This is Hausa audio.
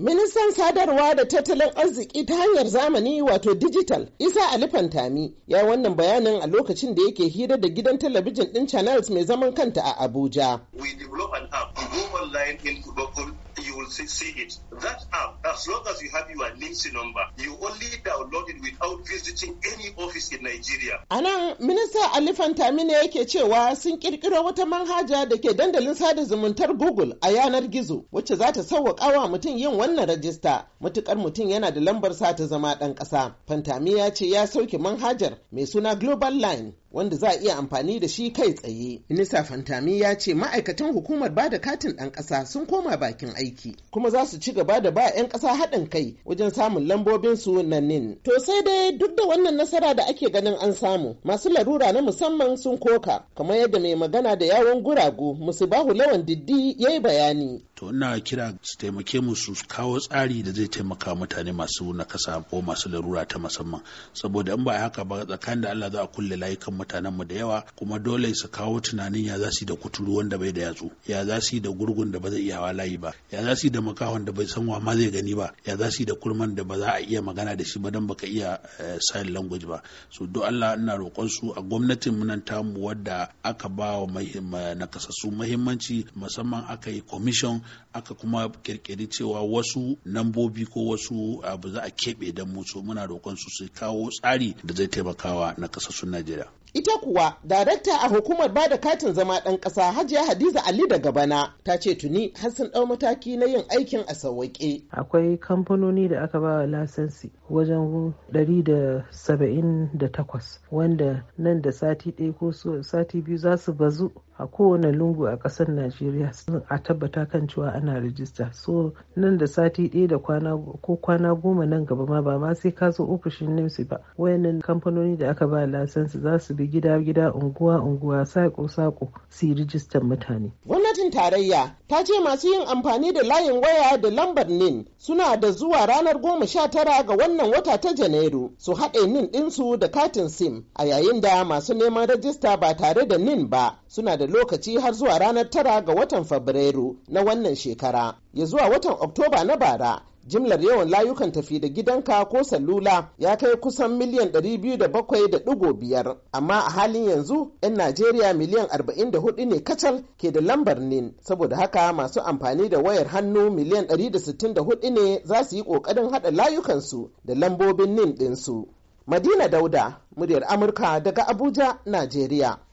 Ministan sadarwa da tattalin arziki ta hanyar zamani wato digital Isa Ali Fantami ya wannan bayanin a lokacin da yake hira da gidan talabijin din channels mai zaman kanta a Abuja. We develop an app to go online in local you will see, see it. That app, as long as you have your NIMSI number, you only download it without visiting any office in Nigeria. A nan, Minista Ali Fantami ne yake cewa sun kirkiro wata manhaja da ke dandalin sada zumuntar Google a yanar gizo, wacce za ta sauwaƙa wa mutum yin wannan rajista, matukar mutum yana da lambar sa ta zama ɗan ƙasa. Fantami ya ce ya sauke manhajar mai suna Global Line wanda za a iya amfani da shi kai tsaye. Minista Fantami ya ce ma'aikatan hukumar bada katin ɗan ƙasa sun koma bakin aiki kuma za su ci gaba da ba 'yan ƙasa haɗin kai wajen samun lambobin su nan NIN. To sai dai duk da wannan nasara da ake ganin an samu masu larura na musamman sun koka kamar yadda mai magana da yawon guragu bahu Lawan Diddi ya yi bayani. To ina kira su taimake mu su kawo tsari da zai taimaka mutane masu nakasa ko masu larura ta musamman saboda in ba haka ba tsakanin da Allah za a kulle layukan mutanen mu da yawa kuma dole su kawo tunanin ya za su da kuturu wanda bai da yatsu ya za su da gurgun da ba zai iya hawa layi ba ya za su da makahon da bai san wa ma zai gani ba ya za su da kurman da ba za a iya magana da shi ba dan baka iya eh, sign language ba so du Allah ina roƙon su a gwamnatin mu nan tamu wadda aka ba wa nakasassu muhimmanci musamman aka yi commission aka kuma kirkiri cewa wasu nambobi ko wasu eh, abu za a keɓe dan mu so muna roƙon su su kawo tsari da zai taimakawa nakasassun Najeriya Ita kuwa darakta a hukumar bada katin zama ɗan ƙasa Hajiya Hadiza Ali daga bana ta ce tuni har sun ɗau mataki na yin aikin a sauwaƙe. Akwai kamfanoni da aka ba lasensi wajen 178 wanda nan da sati ɗaya ko sati biyu za su bazu a kowane lungu a ƙasar najeriya sun a tabbata kan cewa ana rijista so nan da sati ɗaya da kwana ko kwana goma nan gaba ma ba ma sai ka zo ofishin nemsi ba wayannan kamfanoni da aka ba lasansu za su bi gida gida unguwa unguwa saƙo saƙo su yi rijistar mutane gwamnatin tarayya ta ce masu yin amfani da layin waya da lambar nin suna da zuwa ranar goma sha tara ga wannan wata ta janairu su haɗe nin ɗinsu da katin sim a yayin da masu neman rajista ba tare da nin ba suna da lokaci har zuwa ranar tara ga watan fabrairu na wannan shekara ya zuwa watan oktoba na bara jimlar yawan layukan tafi da gidanka ko salula ya kai kusan miliyan 207.5 amma a halin yanzu 'yan najeriya miliyan 44 ne kacal ke da lambar nin saboda haka masu amfani da wayar hannu miliyan 164 ne za su yi kokarin hada layukansu da lambobin nin dinsu. madina dauda muryar amurka daga abuja najeriya